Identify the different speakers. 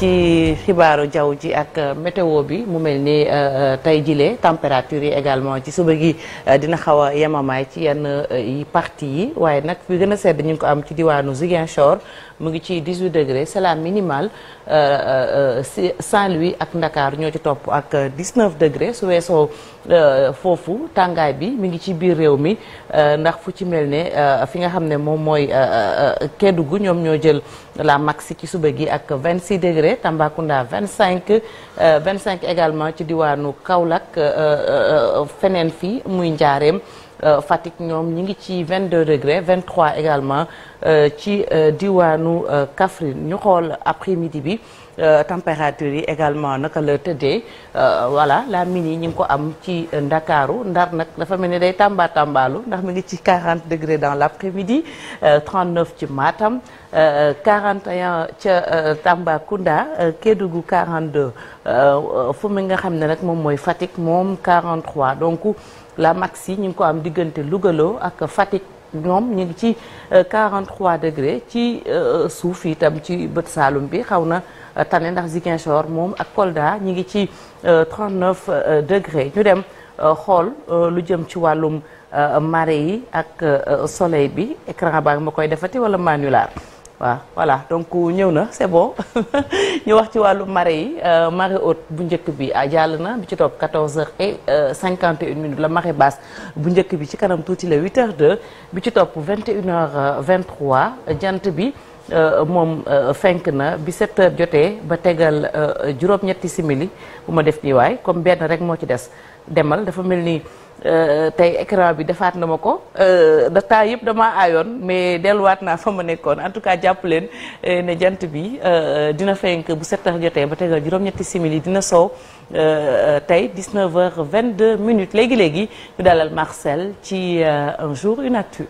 Speaker 1: ci xibaaru jaww ji ak euh, météo bi mu mel ni euh, euh, tey jile température yi également ci suba gi dina xaw a yemamaay ci yenn yi parti yi waaye nag fi gën sedd ñu ngi ko am ci diwaanu Ziguinchor mu ngi ci 18 degré c'est la minimale san louis ak Ndakaar ñoo ci topp ak 19 degré su weesoo foofu tàngaay bi mi ngi ci biir réew mi ndax fu ci mel ne fi nga xam ne moom mooy Kédougou ñoom ñoo jël la maxi ci suba gi ak vingt 26 degré Gorée Tambacounda 25 cinq euh, également ci diwaanu Kaolack euh, euh, feneen fi muy Njaareem Euh, Fatick ñoom ñi ngi ci vingt deux 22 degré 23 également euh, ci euh, diwaanu Kaffrine ñu xool après-midi bi température yi également naka la tëddee voilà la mini ñi ngi ko am ci Ndakaaru Ndar nag dafa mel ni day tàmba tàmbaalu ndax mi ngi ci 40 degré dans l'après-midi 39 ci Matam 41 ca Tambacounda Kédougou 42 fu mi nga xam ne nag moom mooy Fatick moom 43 donc. la maxi ñu ngi ko am diggante Lougaloo ak Fatick ñoom ñu ngi ci 43 euh, degré ci euh, suuf itam ci bët saalum bi xaw na euh, tane ndax Ziguinchor moom ak Kolda ñu ngi ci 39 degré ñu dem xool lu jëm ci wàllum marée yi ak soleil bi écran baa ma koy defati wala manular waaw voilà donc ñëw na c'est bon ñu wax ci wàllu marée yi euh, marée haute bu njëkk bi a ah, jàll na bi ci topp 14 heures et 51 euh, minutes la marée basse bu njëkk bi ci kanam tuuti la 8 heures 2 bi ci topp 21 heures 23 jant bi. Euh, moom euh, fenk na bi 7 jotee ba tegal euh, juróom-ñetti simili bu ma def nii waay comme benn rek moo ci des demal dafa mel ni tey écran bi defaat na ma ko da temps yëpp damaa aayoon mais delluwaat naa fa ma nekkoon en tout cas jàpp leen ne jant bi dina fenk bu 7 heures jotee ba tegal juróom-ñetti simili dina soow tey 19 vingt deux minutes léegi léegi ñu dalal Marcel ci un jour une